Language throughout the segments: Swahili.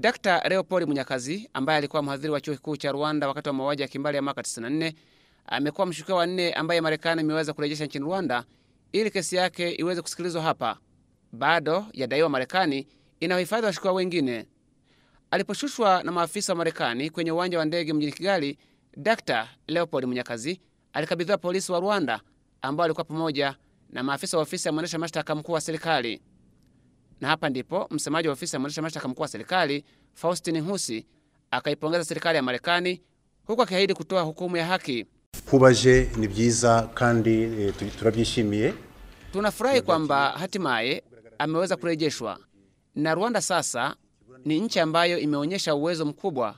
Dr. Leopold Munyakazi ambaye alikuwa mhadhiri wa chuo kikuu cha Rwanda wakati wa mauaji ya kimbali ya mwaka 94 amekuwa mshukiwa wa nne ambaye Marekani imeweza kurejesha nchini Rwanda ili kesi yake iweze kusikilizwa hapa. Bado yadaiwa Marekani inawahifadhi washukiwa wengine. Aliposhushwa na maafisa wa Marekani kwenye uwanja wa ndege mjini Kigali, Dkt. Leopold Munyakazi alikabidhiwa polisi wa Rwanda ambao alikuwa pamoja na maafisa wa ofisi ya mwendesha mashtaka mkuu wa serikali. Na hapa ndipo msemaji wa ofisi ya mwendesha mashtaka mkuu wa serikali Faustin Husi akaipongeza serikali ya Marekani huku akiahidi kutoa hukumu ya haki. Kubaje ni byiza kandi e, turabyishimiye. Tunafurahi kwamba hatimaye ameweza kurejeshwa, na Rwanda sasa ni nchi ambayo imeonyesha uwezo mkubwa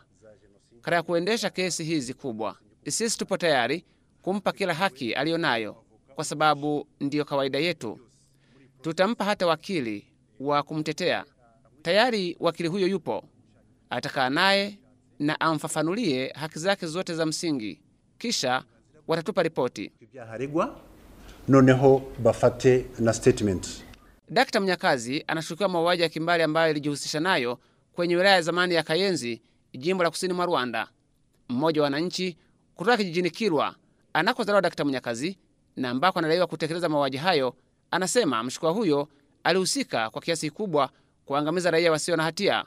katika kuendesha kesi hizi kubwa. Sisi tupo tayari kumpa kila haki aliyonayo, kwa sababu ndiyo kawaida yetu. Tutampa hata wakili wa kumtetea. Tayari wakili huyo yupo, atakaa naye na amfafanulie haki zake zote za msingi, kisha watatupa ripoti. Dkt Mnyakazi anashukiwa mauaji ya kimbali ambayo ilijihusisha nayo kwenye wilaya ya zamani ya Kayenzi, jimbo la kusini mwa Rwanda. Mmoja wa wananchi kutoka kijijini Kirwa anakozaliwa Dkt Mnyakazi na ambako anadaiwa kutekeleza mauaji hayo, anasema mshukiwa huyo alihusika kwa kiasi kikubwa kuangamiza raia wasio na hatia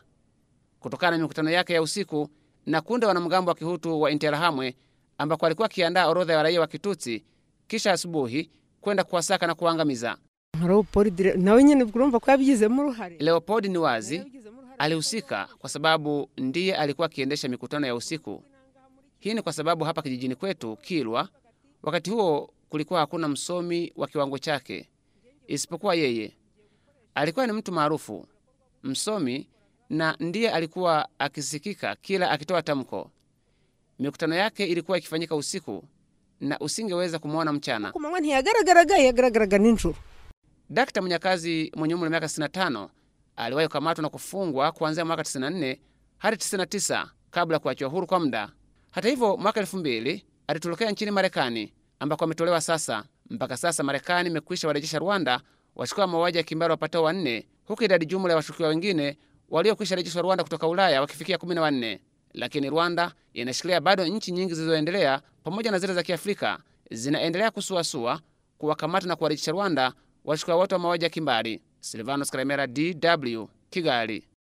kutokana na mikutano yake ya usiku na kunda wanamgambo wa kihutu wa Interahamwe ambako alikuwa akiandaa orodha ya raia wa Kitutsi kisha asubuhi kwenda kuwasaka na kuwaangamiza. Leopold ni wazi alihusika kwa sababu ndiye alikuwa akiendesha mikutano ya usiku. Hii ni kwa sababu hapa kijijini kwetu Kilwa, wakati huo kulikuwa hakuna msomi wa kiwango chake isipokuwa yeye. Alikuwa ni mtu maarufu, msomi, na ndiye alikuwa akisikika kila akitoa tamko. Mikutano yake ilikuwa ikifanyika usiku na usingeweza kumwona mchana. Dakta Munyakazi mwenye umri wa miaka 65 aliwahi kukamatwa na kufungwa kuanzia mwaka 94 hadi 99 kabla ya kuachiwa huru kwa muda. Hata hivyo, mwaka 2000 alitorokea nchini Marekani ambako ametolewa sasa. Mpaka sasa Marekani imekwisha warejesha Rwanda washukiwa mauaji ya kimbari wapatao wanne, huku idadi jumla ya washukiwa wengine waliokwisha rejeshwa Rwanda kutoka Ulaya wakifikia kumi na wanne. Lakini Rwanda inashikilia bado nchi nyingi zilizoendelea pamoja na zile za Kiafrika zinaendelea kusuasua kuwakamata na kuwarejesha Rwanda washukiwa wote wa mauaji ya kimbari. Silvanos Karemera, DW, Kigali.